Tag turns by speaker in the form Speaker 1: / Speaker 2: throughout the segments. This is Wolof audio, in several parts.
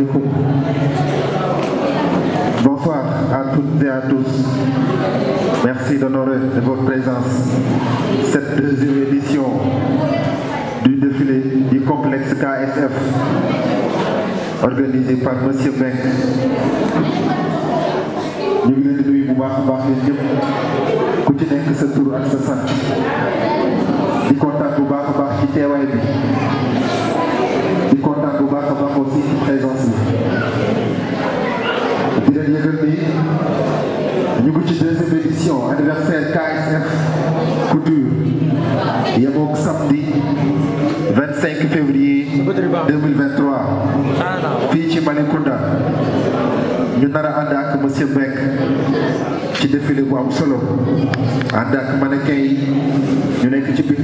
Speaker 1: alaikum. Bonsoir à toutes et à tous. Merci d'honorer de votre présence cette deuxième édition du défilé du complexe KSF organisé par monsieur Mbengue. ñu ngi leen di nuyu bu baax a baax yéen ñëpp ku ci nekk sa tur ak sa sant di kontaan bu baax a baax ci teewaay bi. baax a baax aussi présence bi di leen yëgal ni ñu ngi ci deuxième édition anniversaire KSF couture yemook samedi 25 février 2023 fii ci Malicounda ñu nar a ànd ak monsieur Mbeng ci défilé bu am solo ànd ak mannequin yi ñu nekk ci biir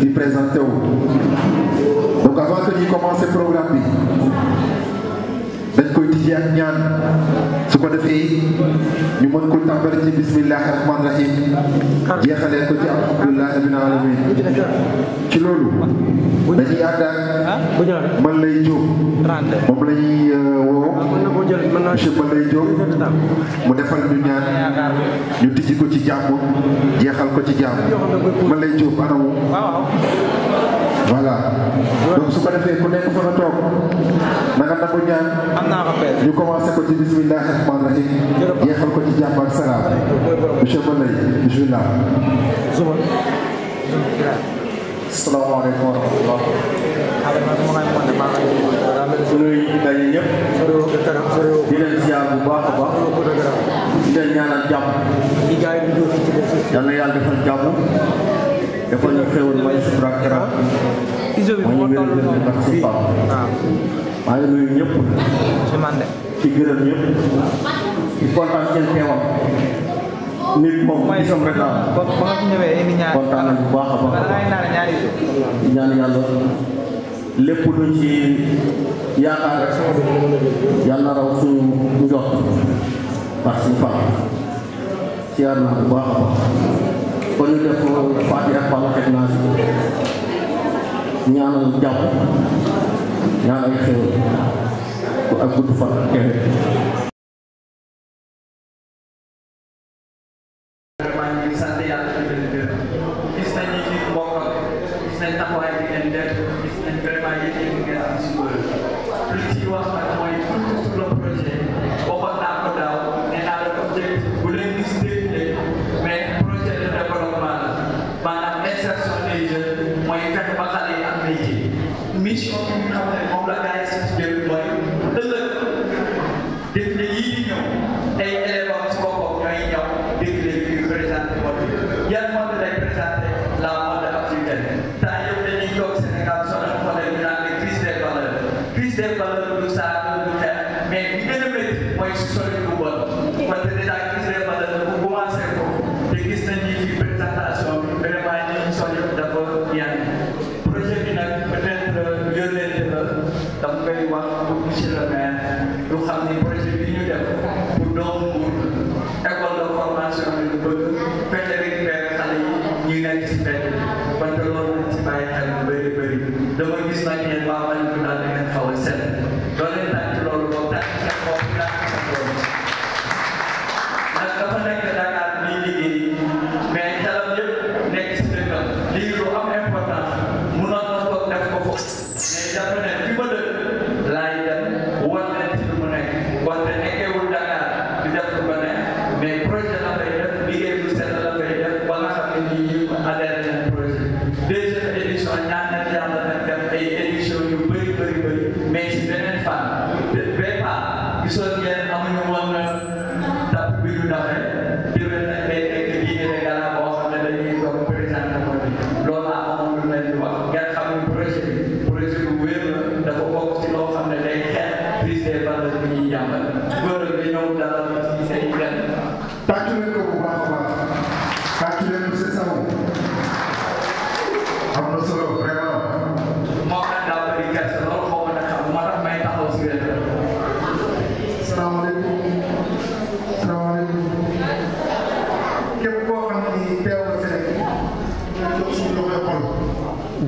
Speaker 1: di présenté wu avant que ñuy commencé programme bi dañ koy tijjee ak ñaan su ko defee ñu mën ko tàmbali ci bismillahi rahmaani rahim jeexalee ko ci alhamdulillahi rabbil loolu dañuy ànd ak lay jóg moom la ñuy euh, mu defal ñu ñaan ñu tijji ko ci jàmm jeexal ko ci jàmm
Speaker 2: man lay jóg anamu voilà donc su ko defee ku nekk
Speaker 1: fa nga toog na nga nangu ñaan. am naa rappel ñu commencé ko ci bisimilah rahmaani rahim. jërëjëf jeexal ko ci jàmm ak salaam. monsieur Moulay bisimilah. suba. salaamaaleykum wa rahmatulah.
Speaker 2: suñuy daje ñëpp. di leen ziar bu baax a baax. di leen ñaanal jàmm. yal na yàlla defal jàmm.
Speaker 1: defal ñu xéwal may sutura kera ma ñu wér ci Pape maa ngi nuyu ñëpp ci gërëm
Speaker 2: nit moom mooy som rek ah. ba ba nga ñëwee indi ñaar kontaan nañu bu baax a baax ñaan yàlla lépp luñ ci yaakaar rek yàlla na raw suñu njort
Speaker 1: ci yaar na bu baax ba ñu def Fatiha wala xet naa si ñaanal jàpp ñaanal xew ak gudd fan ñu xam ne projet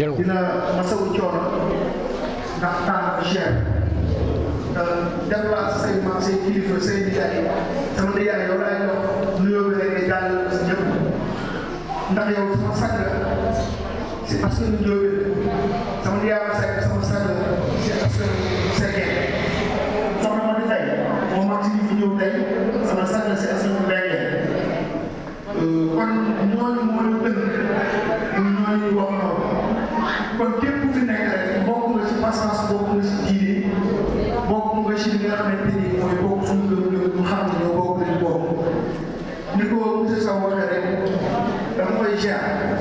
Speaker 1: jël ko dina masawu coono ndax temps bi cher nga déplacé say maam say kilifa say nijaay sama nijaay yow laay jox nuyoo bi rek jàll si ñëpp ndax yow sama sang la si parce que nuyoo bi sama nijaay ma sang sama sang la si parce que sekkee soxna ma di tey moom ma ci fi ñëw tey sama sang la si parce que mu euh, kon ñooñu kon képp ku fi nekk rek bokk nga ci passance bokk nga ci diine bokk nga ci li ni mooy bokk suñu gëm-gëm xam ne ñoo bokk nañ bokk ni ko monsieur Sow waxee rek dama koy jaar.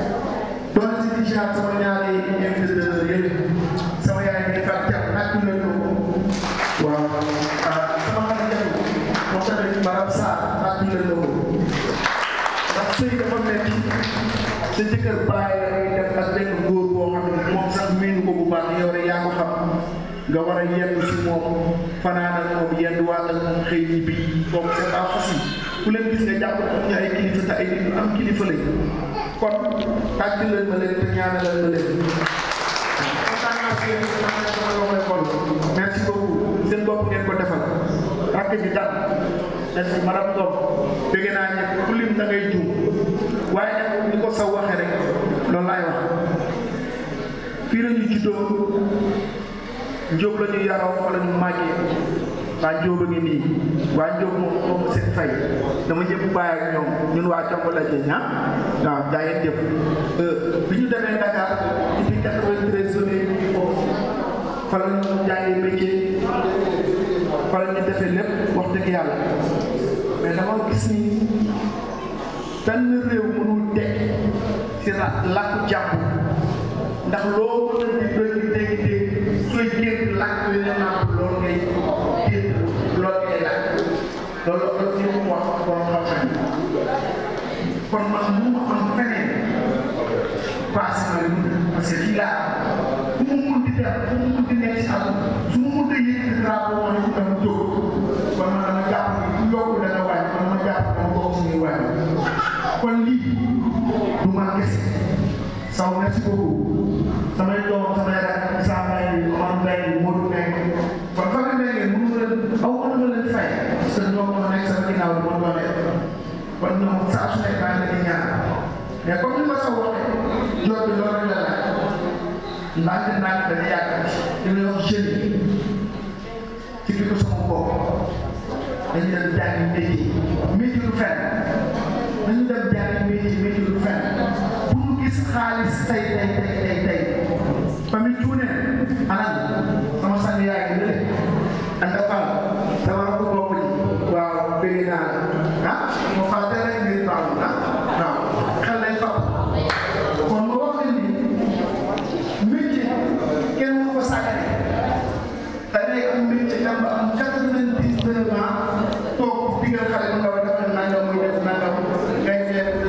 Speaker 1: ñu ko bu baax yow rek yaa ko xam nga war a yenn si moom fanaan ak moom yenn waat ak xëy ñi bi donc c'est pas facile ku leen gis nga jàpp ko ñu ay kilifa te ay nit ñu am kilifa lañ kon tàcc leen ma leen te ñaanal ma seen bopp ngeen ko defal rakk ji dal merci madame Tom dégg naa ñëpp ku lim da ngay fii la ñu juddoo yaroo fa ñu màggee waa Njóob a nii waa Njóob moom moom seen fay dama ñëpp bàyyi ak ñoom ñun waa Jokalante la jëñ ah waaw euh, bi ñu demee Dakar depuis ñu jàngee métier fa ñu defee lépp wax dëgg yàlla mais dama gis ni benn réew mënul tekki si la làkku jàpp. ndax loo mën a di doon dégg dégg sooy génn làkk li nga nàmp loolu ngay génn loolu ngay làkk loolu loolu ci mu wax borom xam-xam kon man mu ma am feneen passé ma parce que lii laa fu mu mun di def fu mu mun ndànk ndànk dañuy yàgg li ñuy wax jeune ci biir sama bopp dañu leen jàng métier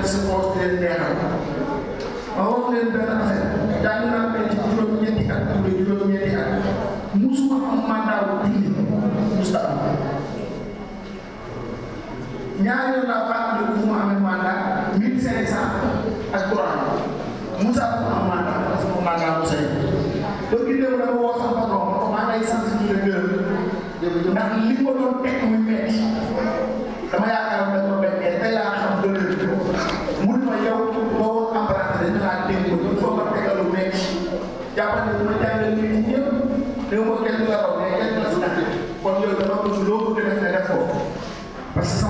Speaker 1: nekk sa kaw di leen neexal ma wax leen benn affaire daan naa béy ci juróom-ñetti at wala juróom-ñetti at musuma am mandat bu julli musta am ñaareel laa baax na ku mu amee mandat mille cinq cent ak trois Moussa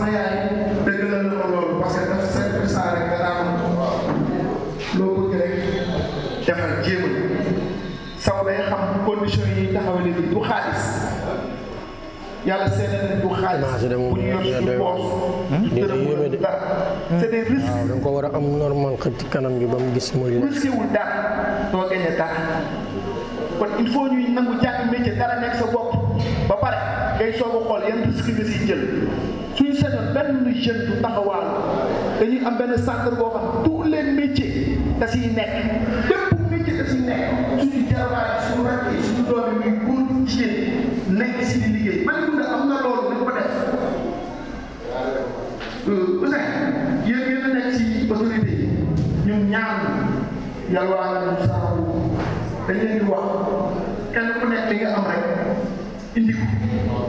Speaker 1: sama yaay dëggalal xam condition yi taxawale
Speaker 2: ko war a am normal ci kanam gi ba mu gis doo
Speaker 1: gañe dara kon il ñuy nangu jàng métier dara nekk sa bopp ba pare ngay soog xool yan risque nga siy jël jeunes du taxawaal dañuy am benn centre boo xam tous les métiers da siy nekk bépp métier da siy nekk suñu jarbaay suñu rakk yi suñu doom yi muy góor nekk si liggéey man am na loolu nañ ko def Ousseyn hmm, yéen yéen a nekk si autorité yi ñun ñaan yàlla ñu saxu dañ leen di wax kenn ku nekk li nga am rek indi ko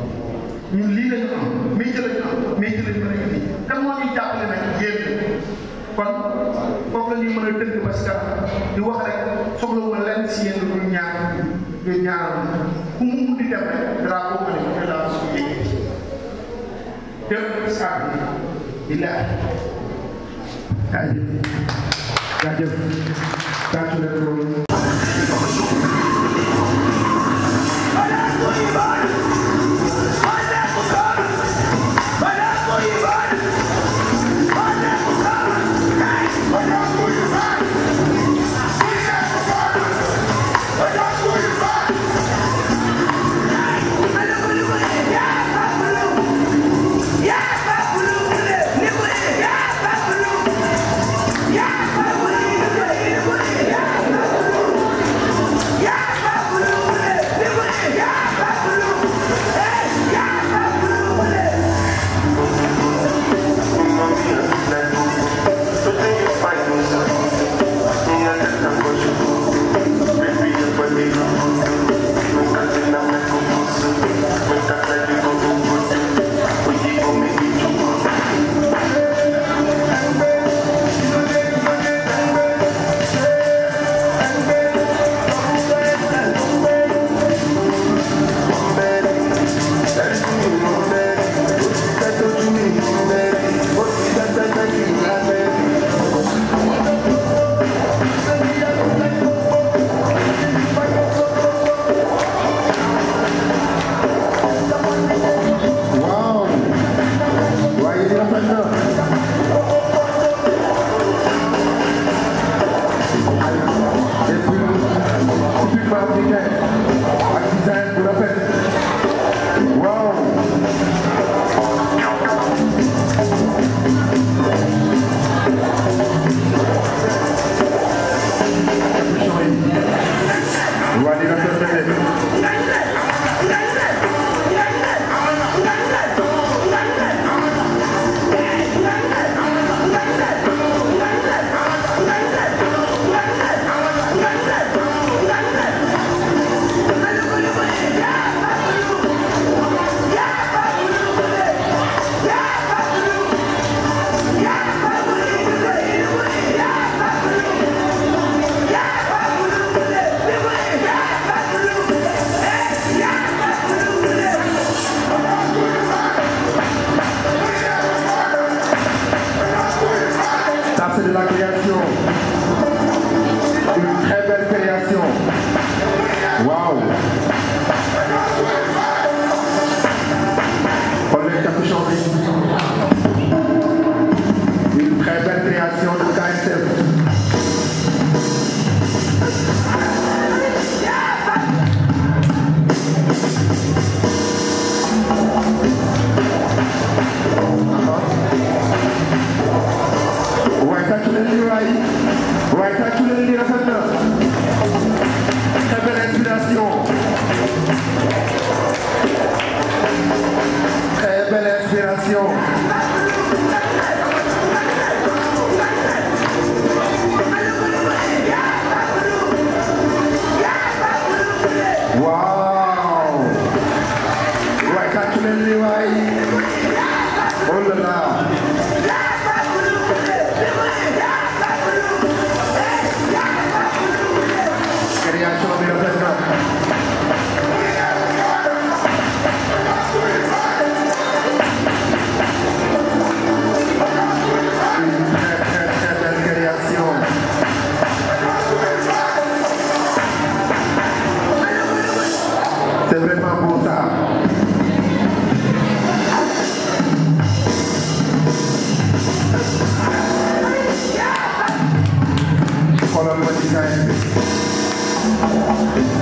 Speaker 1: ñun lii lañu am métier lañu am kon foofu la ñuy mën a dëgg parce que di wax rek si yéen lu ñaar ngeen ñaaral ku di dem rek drapeau ma ne ko laa suñu yëngu dëgg saa bi di laaj. jaajëf rafet Vamos a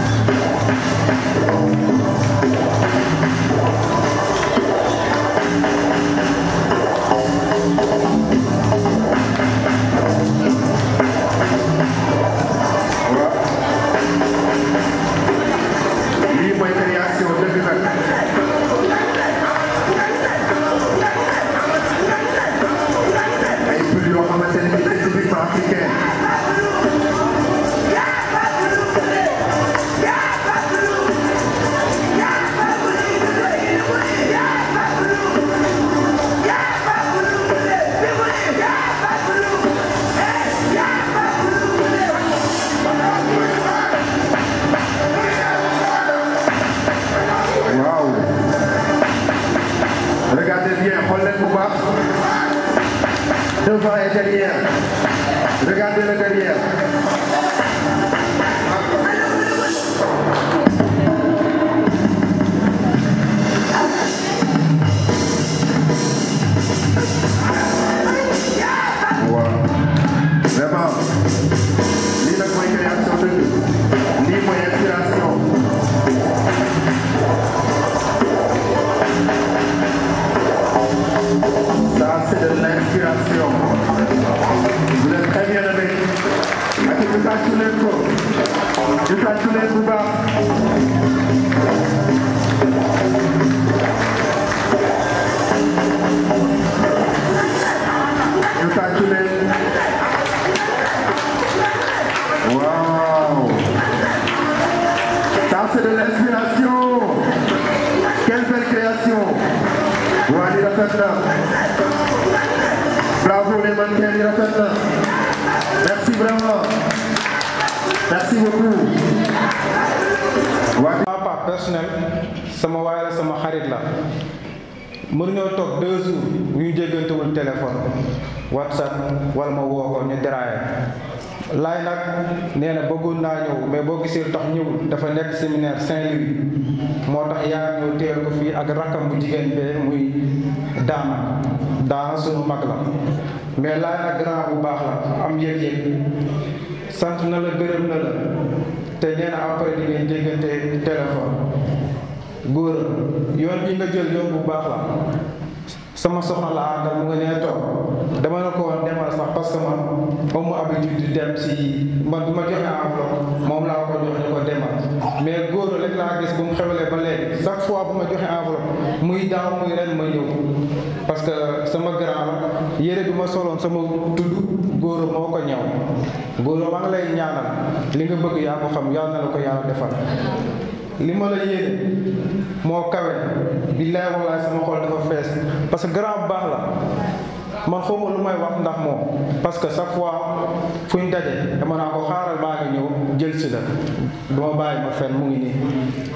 Speaker 1: Paul.
Speaker 2: xarit la mënuñoo toog deux jours ñu jéggantewul téléphone whatsapp wala ma woo ko ñu déraillé laay nag nee na bëggoon naa ñëw mais boo gisee tax ñëwul dafa nekk séminaire Saint-Louis moo tax yaa ñëw téyal fii ak rakkam bu jigéen bee muy daana daana sunu mag la mais laay nag grand bu baax la am yëg-yëg sant na la gërëm na la te nee après di ngeen jéggante téléphone góor yoon bi nga jël yoon bu baax la sama soxna la àndal mu nga nee toog dama la ko demal sax parce que man amu habitude di dem si man bu ma joxe enveloppe moom laa ko jox ñu ko demal mais góor rek laa gis bu mu xewalee ba léegi chaque fois bu ma joxe enveloppe muy daaw muy ren ma ñëw parce que sama grand la yére bi ma soloon sama tudd góor moo ko ñëw góor maa lay ñaanal li nga bëgg yaa ko xam yàlla na la ko yàlla defal li ma la yéene moo kawe billaay wallaay sama xol dafa fees parce que grand baax la man xawma lu may wax ndax moom parce que chaque fois fu ñu daje dama naa ko xaaral maa ngi ñëw jël si la du ma bàyyi ma fen mu ngi nii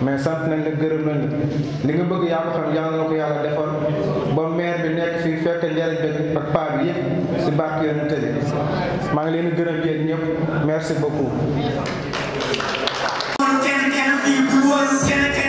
Speaker 2: mais sant nañ la gërëm nañ la li nga bëgg yàlla ko xam yàlla na ko yàlla defal ba maire bi nekk fii fekk njariñ bi ak paa bi yëpp si barke yonente bi maa ngi leen di gërëm yéen ñëpp merci beaucoup Who was gonna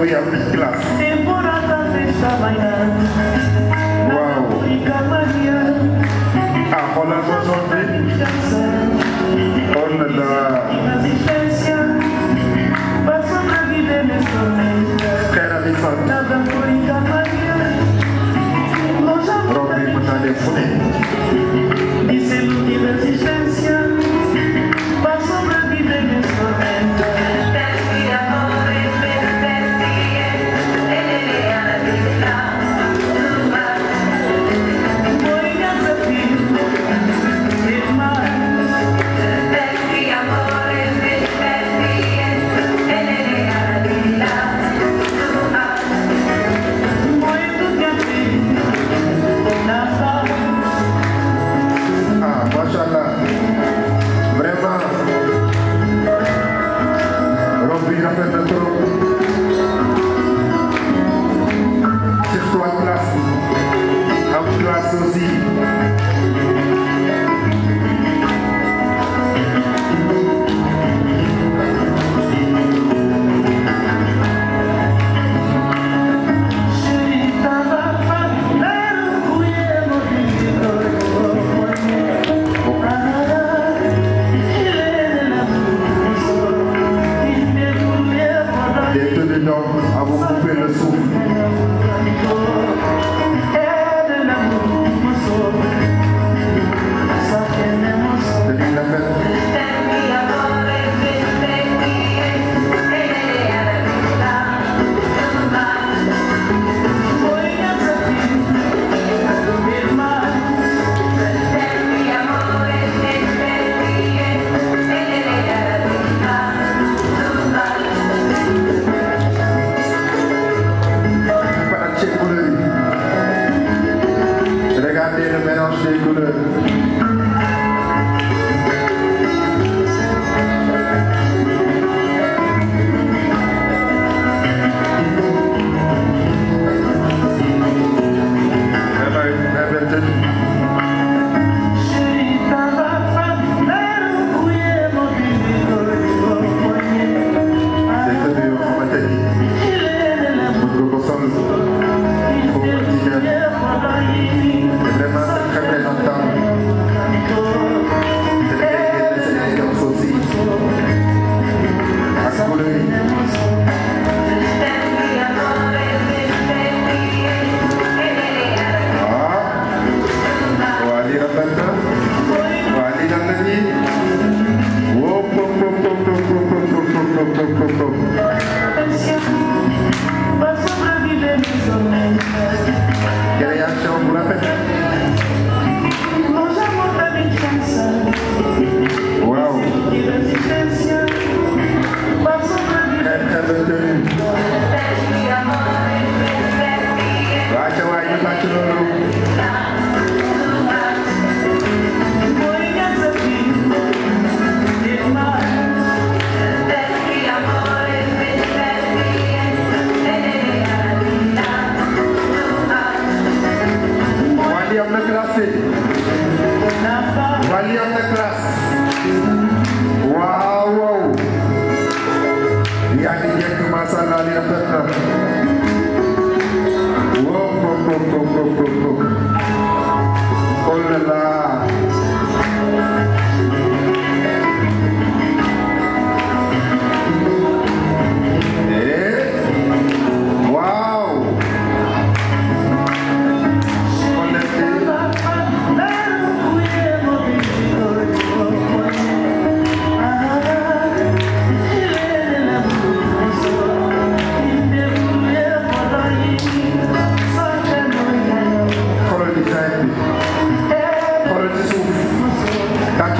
Speaker 1: bu yàgg ci classe.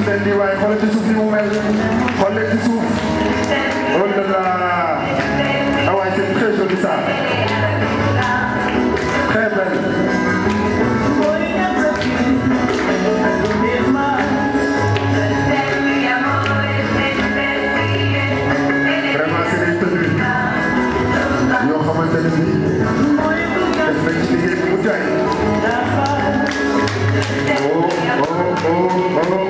Speaker 1: leen di waaye xoolal ci suuf bi mu mel xool leen ci suuf loolu la la waaye c'est très joli ça très belle. vraiment c'est des tenues yoo xamante ne bii def nañ ci liggéey bi mu jaay. oh oh oh oh.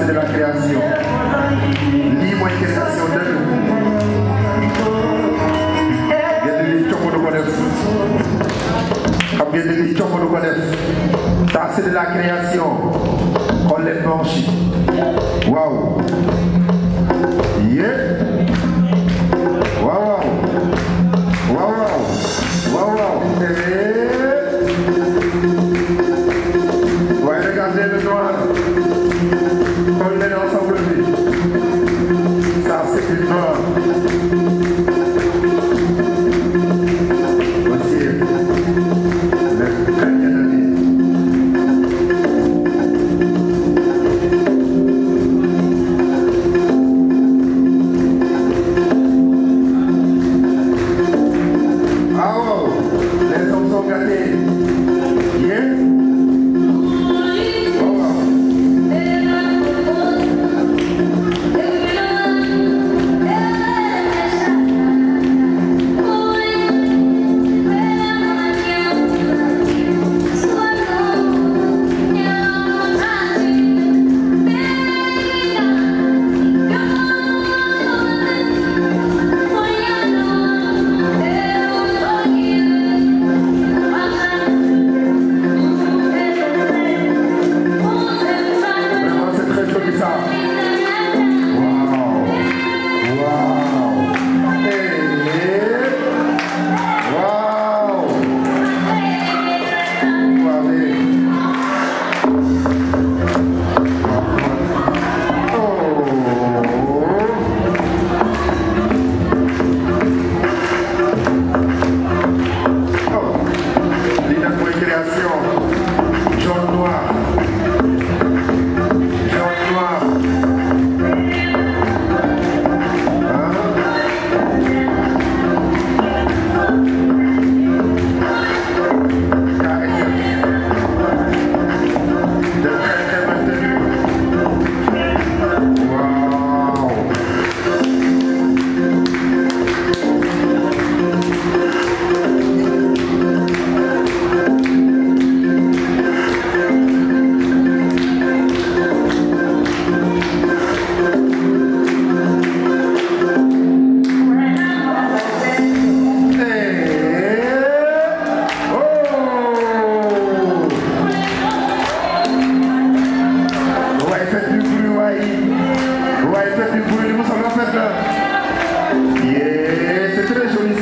Speaker 1: acte de la création lii mooy gestation dëkk ngeen di lii coxu du ko def xam ngeen di lii coxu du ko def te acte de la création xool leen
Speaker 2: manche waaw yé waaw waaw
Speaker 1: waaw waaw waaw waaw Yeah, c'est très joli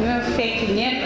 Speaker 1: nga fekk ñeent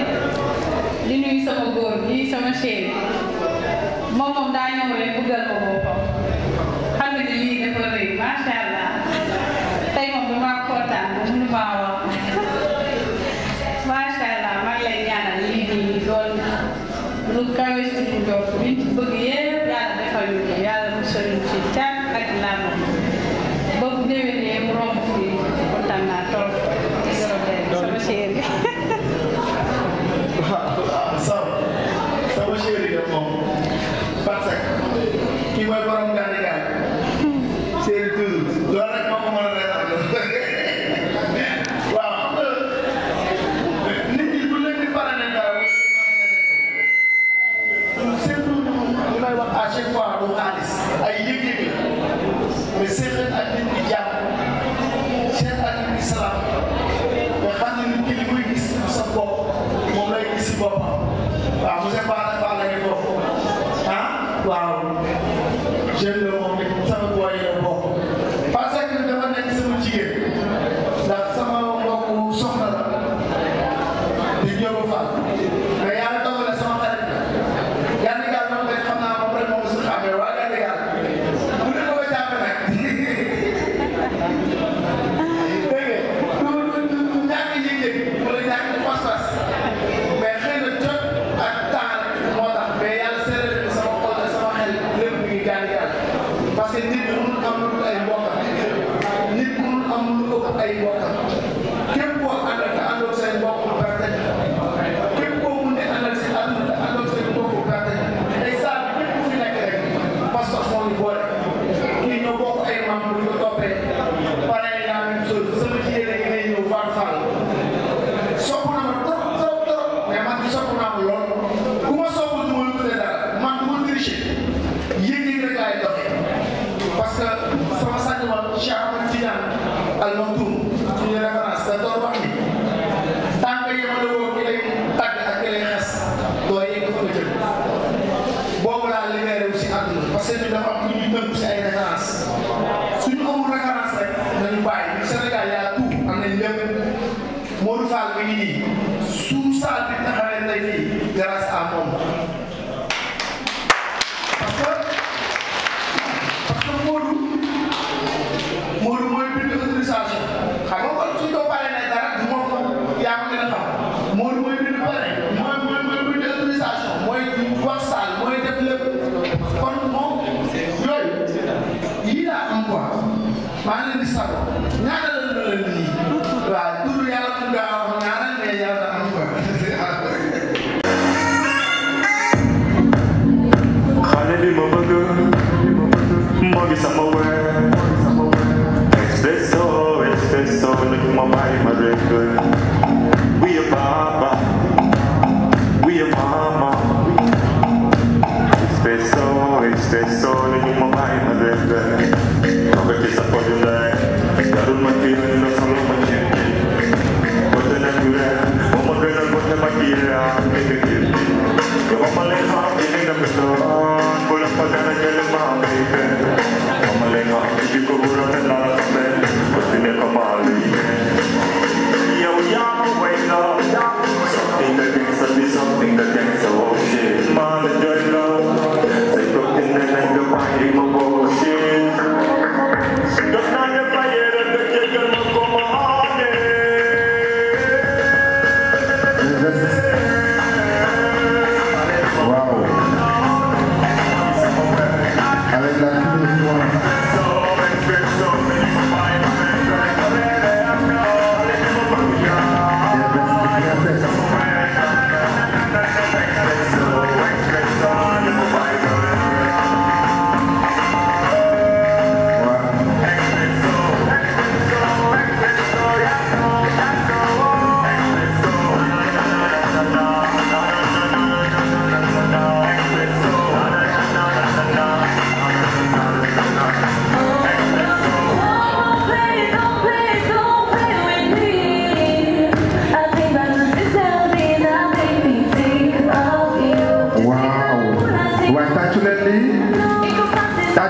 Speaker 1: Господа на деле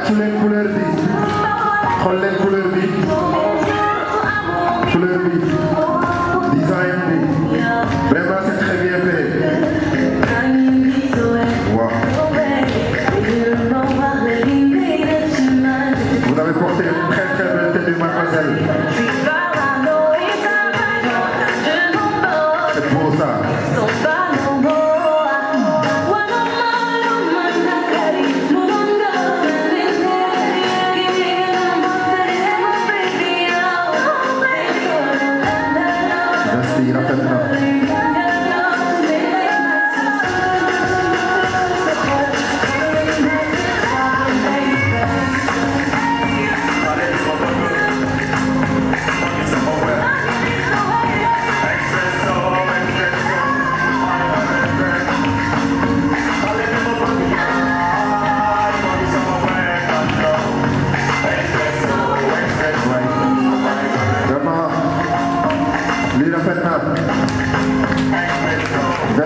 Speaker 2: tàccu leen couleur bi xool leen couleur bi.